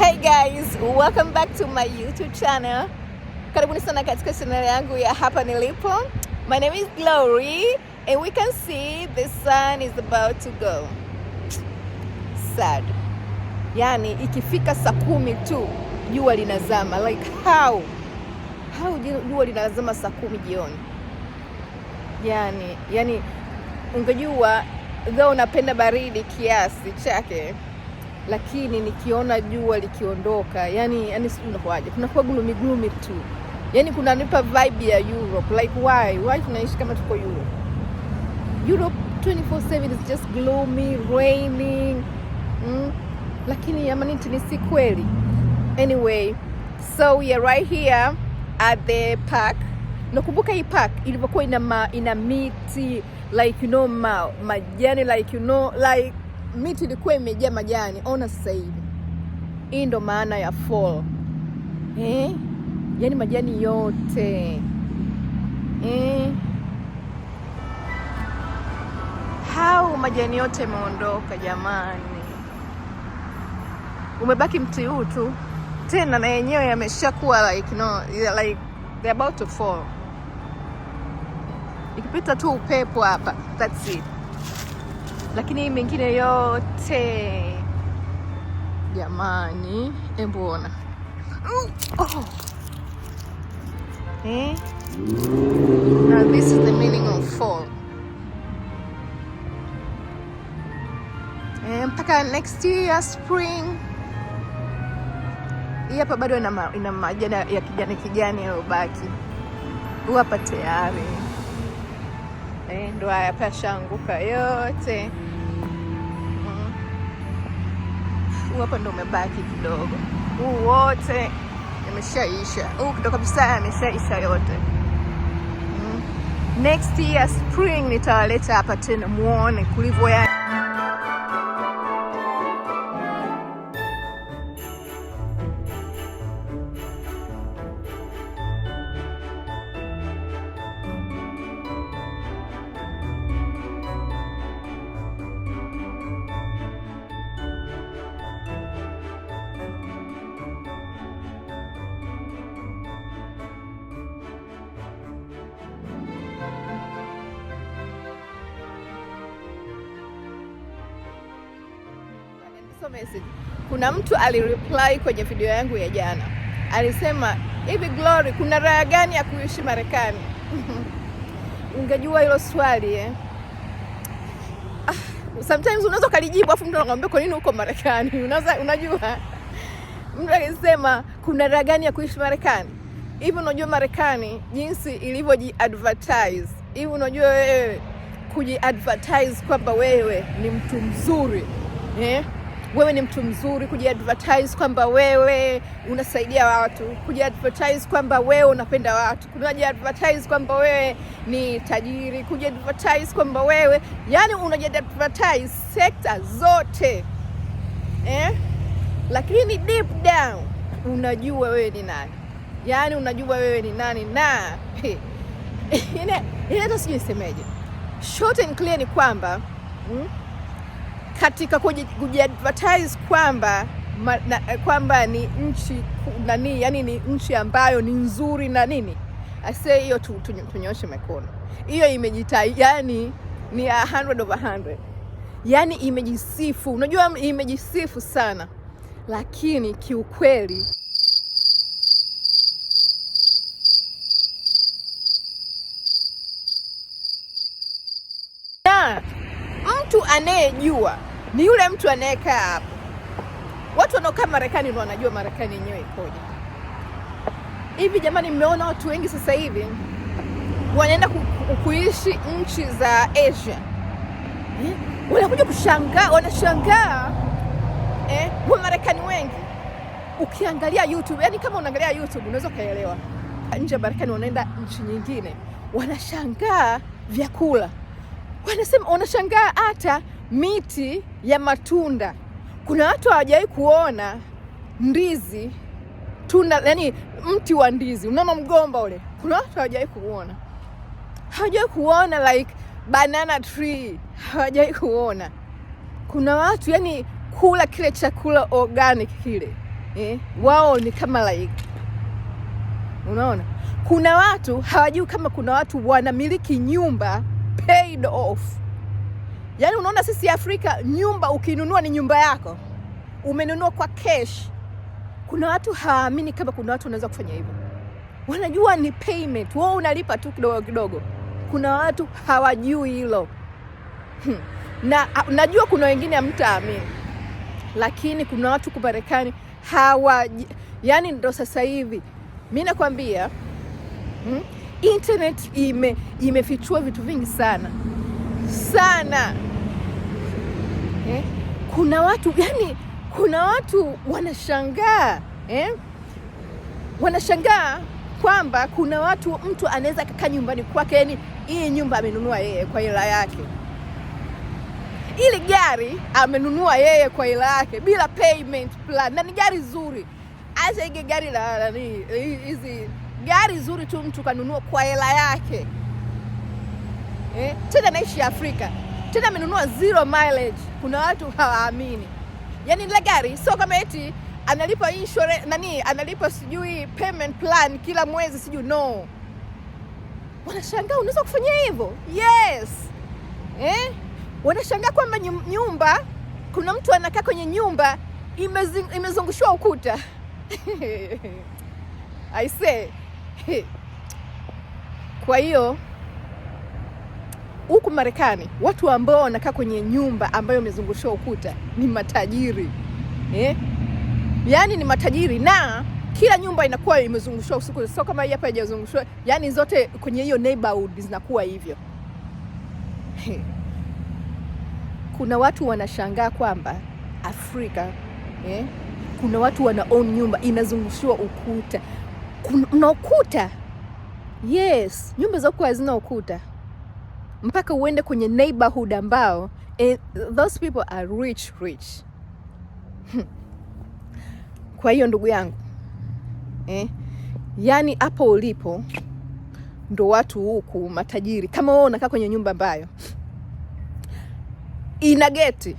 Hey guys, welcome back to my YouTube channel. Karibuni sana katika channel yangu ya hapa nilipo. My name is Glory and we can see the sun is about to go. Sad. Yani ikifika saa kumi tu jua linazama like how? How jua linazama saa kumi jioni? Yani, yani ungejua though unapenda baridi kiasi chake lakini nikiona jua likiondoka, yani yani sijui kuna kwa gloomy gloomy tu, yani kunanipa vibe ya Europe. Like why why tunaishi kama tuko Europe? Europe 24/7 is just gloomy raining, mm? Lakini yamaniti ni si kweli. Anyway, so we are right here at the park. Nakumbuka hii park ilivyokuwa ina, ina miti like you know ma, majani like you know like miti ilikuwa imejaa majani, ona sasa hivi. Hii ndo maana ya fall eh? Yaani majani yote eh? Hao majani yote yameondoka jamani, umebaki mti huu tu, tena na yenyewe yameshakuwa like, no, like they about to fall. Ikipita tu upepo hapa, that's it lakini mengine yote jamani, embuona mm, oh. eh? Now this is the meaning of fall. Eh, mpaka next year spring. Hii hapa bado ina majani ya kijani kijani yaliyobaki, huwa hapa tayari eh, ndo haya pashaanguka yote mm-hmm. huu hapa ndo umebaki kidogo, huu wote imeshaisha, huu kidogo kabisa ameshaisha yote. Mm-hmm. Next year spring nitawaleta hapa tena muone kulivyo ya so message. Kuna mtu alireply kwenye video yangu ya jana, alisema hivi, Glory, kuna raha gani ya kuishi Marekani? Ungejua hilo swali eh? Ah, Sometimes unaweza ukalijibu afu mtu anakuambia kwa nini uko Marekani? Unaweza unajua mtu akisema kuna raha gani ya kuishi Marekani? Hivi unajua Marekani jinsi ilivyojiadvertise, hivi unajua wewe kujiadvertise kwamba wewe ni mtu mzuri eh? wewe ni mtu mzuri, kujiadvertise kwamba wewe unasaidia watu, kujiadvertise kwamba wewe unapenda watu, kujiadvertise kwamba wewe ni tajiri, kujiadvertise kwamba wewe yani unajiadvertise sekta zote eh? Lakini deep down unajua wewe ni nani, yani unajua wewe ni nani na ile sijui isemeje, short and clear ni kwamba hmm? katika kujiadvertise kwamba eh, kwamba ni nchi nani, yani ni nchi ambayo ni nzuri na nini ase hiyo tu, tu, tunyoshe mikono hiyo imejita yani ni 100 over 100 yani imejisifu, unajua imejisifu sana, lakini kiukweli na mtu anayejua ni yule mtu anayekaa hapa. Watu wanaokaa Marekani ndio wanajua Marekani yenyewe ikoje. Hivi jamani, mmeona watu wengi sasa hivi wanaenda ku, kuishi nchi za Asia eh? Wanakuja kushangaa, wanashangaa eh? Wamarekani wengi ukiangalia YouTube, yani kama unaangalia YouTube unaweza ukaelewa. Nje ya Marekani wanaenda nchi nyingine, wanashangaa vyakula, wanasema wanashangaa hata miti ya matunda. Kuna watu hawajawahi kuona ndizi tunda, yani mti wa ndizi, unaona mgomba ule. Kuna watu hawajawahi kuona, hawajawahi kuona like banana tree, hawajawahi kuona. Kuna watu yani kula kile chakula organic kile eh, wao ni kama like, unaona kuna watu hawajui kama kuna watu wanamiliki nyumba paid off Yaani unaona sisi Afrika, nyumba ukinunua ni nyumba yako, umenunua kwa cash. Kuna watu hawaamini kama kuna watu wanaweza kufanya hivyo, wanajua ni payment, wao unalipa tu kidogo kidogo. Kuna watu hawajui hilo hmm. Na ah, najua kuna wengine hamtaamini, lakini kuna watu ku Marekani hawa, yani ndo sasa hivi mi nakwambia hmm? Internet ime imefichua vitu vingi sana sana eh? Kuna watu yani, kuna watu wanashangaa eh? wanashangaa kwamba kuna watu mtu anaweza kakaa nyumbani kwake, yani hii nyumba amenunua yeye kwa hela yake, ili gari amenunua yeye kwa hela yake bila payment plan, na ni gari zuri. Acha ige gari la nani, hizi gari zuri tu mtu kanunua kwa hela yake eh? Tena naishi Afrika tena amenunua zero mileage. Kuna watu hawaamini, yaani ile gari sio kama eti analipa insurance nani analipa sijui payment plan kila mwezi sijui, no. Wanashangaa unaweza kufanyia hivyo yes, eh? Wanashangaa kwamba nyumba, kuna mtu anakaa kwenye nyumba imezungushiwa ukuta I say. Kwa hiyo huku Marekani watu ambao wanakaa kwenye nyumba ambayo imezungushiwa ukuta ni matajiri eh? Yaani ni matajiri na kila nyumba inakuwa imezungushwa usiku, sio kama hii hapa haijazungushwa. Yaani zote kwenye hiyo neighborhood zinakuwa hivyo. Kuna watu wanashangaa kwamba Afrika eh? Kuna watu wana own nyumba inazungushiwa ukuta, kuna ukuta. Yes, nyumba za huku hazina ukuta mpaka uende kwenye neighborhood ambao eh, those people are rich rich. Kwa hiyo ndugu yangu eh, yani hapo ulipo ndo watu huku matajiri. Kama wewe unakaa kwenye nyumba ambayo ina geti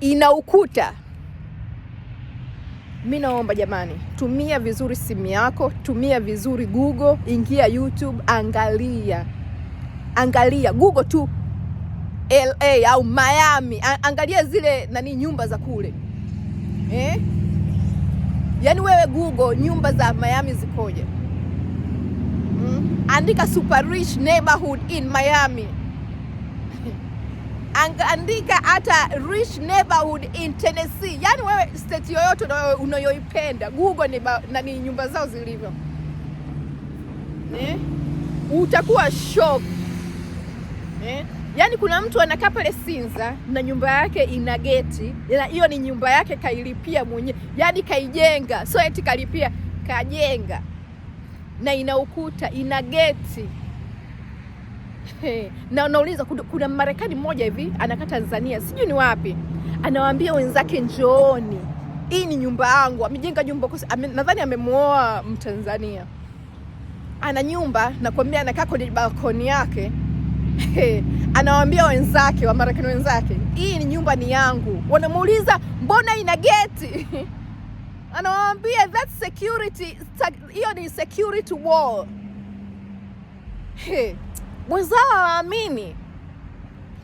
ina ukuta, mi naomba jamani, tumia vizuri simu yako, tumia vizuri Google, ingia YouTube, angalia angalia Google tu LA au Miami, angalia zile nani nyumba za kule eh? Yaani wewe Google nyumba za Miami zikoje? Mm? Andika super rich neighborhood in Miami andika hata rich neighborhood in Tennessee. Yaani wewe state yoyote unayoipenda Google nani nyumba zao zilivyo eh? Utakuwa shocked eh? Yaani kuna mtu anakaa pale Sinza na nyumba yake ina geti, ila hiyo ni nyumba yake kailipia mwenyewe, yaani kaijenga, sio eti kalipia, kajenga na ina ukuta, ina geti Na unauliza kuna Marekani mmoja hivi anakaa Tanzania, sijui ni wapi, anawaambia wenzake njooni, hii ni nyumba yangu. Amejenga nyumba, nadhani amemuoa Mtanzania, ana nyumba nakwambia, anakaa kwenye balkoni yake anawaambia wenzake Wamarekani wenzake, hii ni nyumba ni yangu. Wanamuuliza mbona ina geti? anawaambia that security, hiyo ni security wall. Mwenzao hawaamini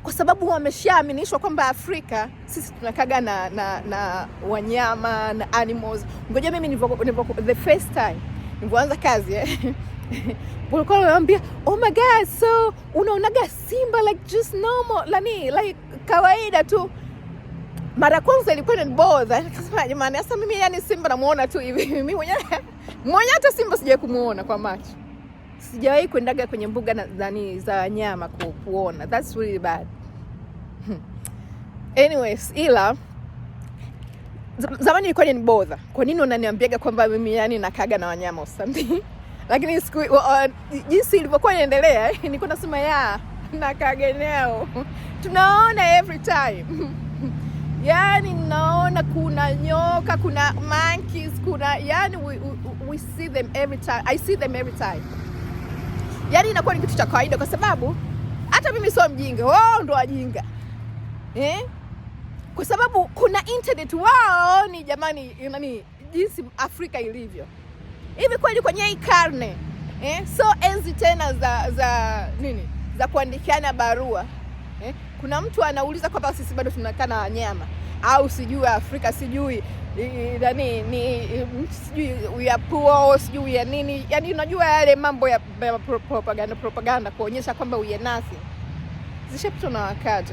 kwa sababu wameshaaminishwa kwamba Afrika sisi tunakaga na, na, na wanyama na animals. Ngoja mimi nivyo, nivyo, the first time nilivyoanza kazi eh? walikuwa wanawambia oh my god, so unaonaga simba like just normal, lani like kawaida tu. Mara kwanza ilikuwa ni bodha, nikasema jamani, sasa mimi yani simba namuona tu hivi mimi mwenyewe mwenyewe, hata simba sijawahi kumuona kwa macho, sijawahi kuendaga kwenye mbuga na zani za wanyama kuona. That's really bad. Anyways, ila zamani ilikuwa ni bodha. kwa nini unaniambiaga kwamba mimi yani nakaga na wanyama or lakini siku uh, jinsi ilivyokuwa inaendelea nilikuwa nasema ya na Kageneo tunaona every time yani naona kuna nyoka kuna monkeys kuna yani we, we, we see them every time. I see them every time yani inakuwa ni kitu cha kawaida kwa sababu hata mimi sio mjinga wao ndo wajinga eh? kwa sababu kuna internet wao ni jamani nani jinsi Afrika ilivyo hivi kweli kwenye hii karne eh? So enzi tena za za nini za kuandikiana barua eh? Kuna mtu anauliza kwamba sisi bado tunakaa na wanyama au sijui Afrika sijui nani ni sijui ya puo sijui ya nini, yani unajua yale mambo ya, ya propaganda propaganda kuonyesha kwamba uye nasi zishapitwa na wakati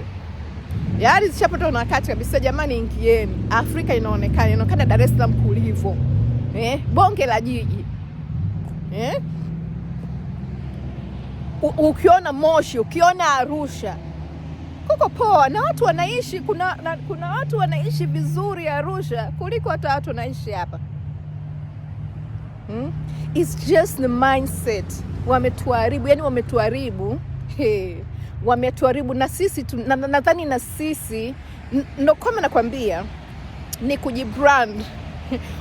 yaani zishapitwa na wakati kabisa. Jamani, ingieni Afrika, inaonekana inaonekana Dar es Salaam kulivyo eh, bonge la jiji eh? Ukiona Moshi, ukiona Arusha kuko poa na watu wanaishi kuna, na, kuna watu wanaishi vizuri Arusha kuliko hata watu wanaishi hapa hmm? It's just the mindset wametuharibu, yani wametuharibu hey. Wametuharibu na sisi nadhani na, na, na sisi ndo kama nakwambia ni kujibrand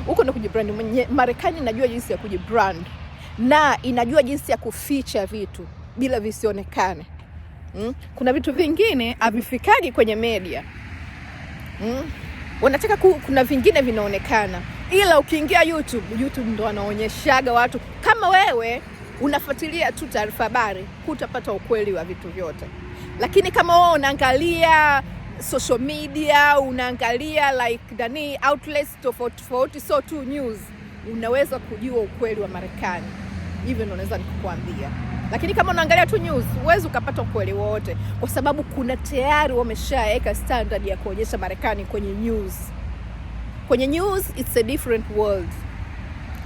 huko ndo kujibrand. Marekani inajua jinsi ya kujibrand na inajua jinsi ya kuficha vitu bila visionekane. Mm? Kuna vitu vingine havifikaji kwenye media. Mm? Wanataka ku, kuna vingine vinaonekana, ila ukiingia YouTube, YouTube ndo wanaonyeshaga watu. Kama wewe unafuatilia tu taarifa habari, hutapata ukweli wa vitu vyote, lakini kama wewe unaangalia social media, unaangalia like nani outlets tofauti tofauti, so tu news, unaweza kujua ukweli wa Marekani. Hivyo ndio naweza nikukwambia, lakini kama unaangalia tu news huwezi ukapata ukweli wote, kwa sababu kuna tayari wameshaweka standard ya kuonyesha Marekani kwenye news. Kwenye news it's a different world,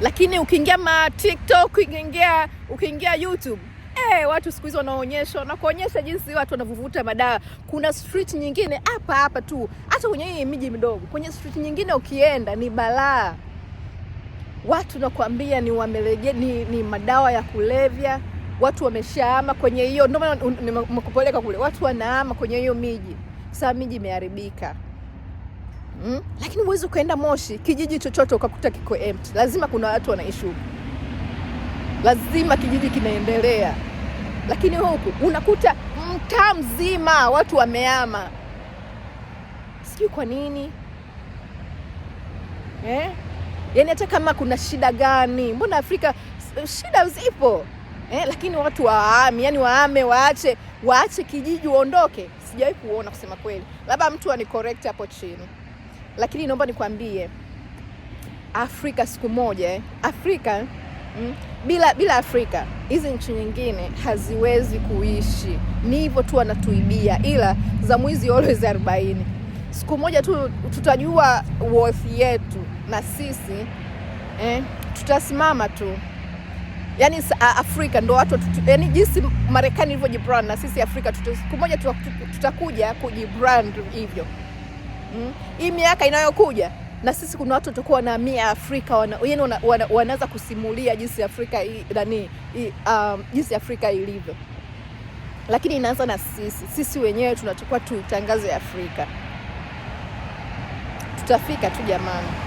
lakini ukiingia ma TikTok, ukiingia ukiingia YouTube Eh, watu siku hizi wanaonyesha na kuonyesha jinsi watu wanavuvuta madawa. Kuna street nyingine hapa hapa tu, hata kwenye hii miji midogo, kwenye street nyingine ukienda ni balaa. Watu nakwambia ni wamelege, ni, ni madawa ya kulevya. Watu wameshaama kwenye hiyo, ndio maana nimekupeleka kule, watu wanaama kwenye hiyo miji, sasa miji imeharibika. Hmm? Lakini huwezi ukaenda Moshi kijiji chochote ukakuta kiko empty, lazima kuna watu wanaishi huko lazima kijiji kinaendelea, lakini huku unakuta mtaa mzima watu wameama, sijui kwa nini eh? Yani hata kama kuna shida gani, mbona Afrika shida zipo eh? Lakini watu waami yani waame, waache waache kijiji waondoke. Sijawahi kuona kusema kweli, labda mtu anicorrect hapo chini, lakini naomba nikwambie Afrika siku moja eh? Afrika mm, bila bila Afrika hizi nchi nyingine haziwezi kuishi, ni hivyo tu, wanatuibia. Ila za mwizi always arobaini. Siku moja tu tutajua worth yetu na sisi eh, tutasimama tu. Yani Afrika ndo watu yani, jinsi Marekani ilivyojibrand na sisi Afrika siku moja tutakuja kujibrand hivyo. Hmm? Hii miaka inayokuja na sisi kuna watu tutakuwa na mia Afrika yani wana, wana, wanaweza kusimulia jinsi Afrika nani um, jinsi Afrika ilivyo, lakini inaanza na sisi. Sisi wenyewe tunatakuwa tuitangaze Afrika, tutafika tu jamani.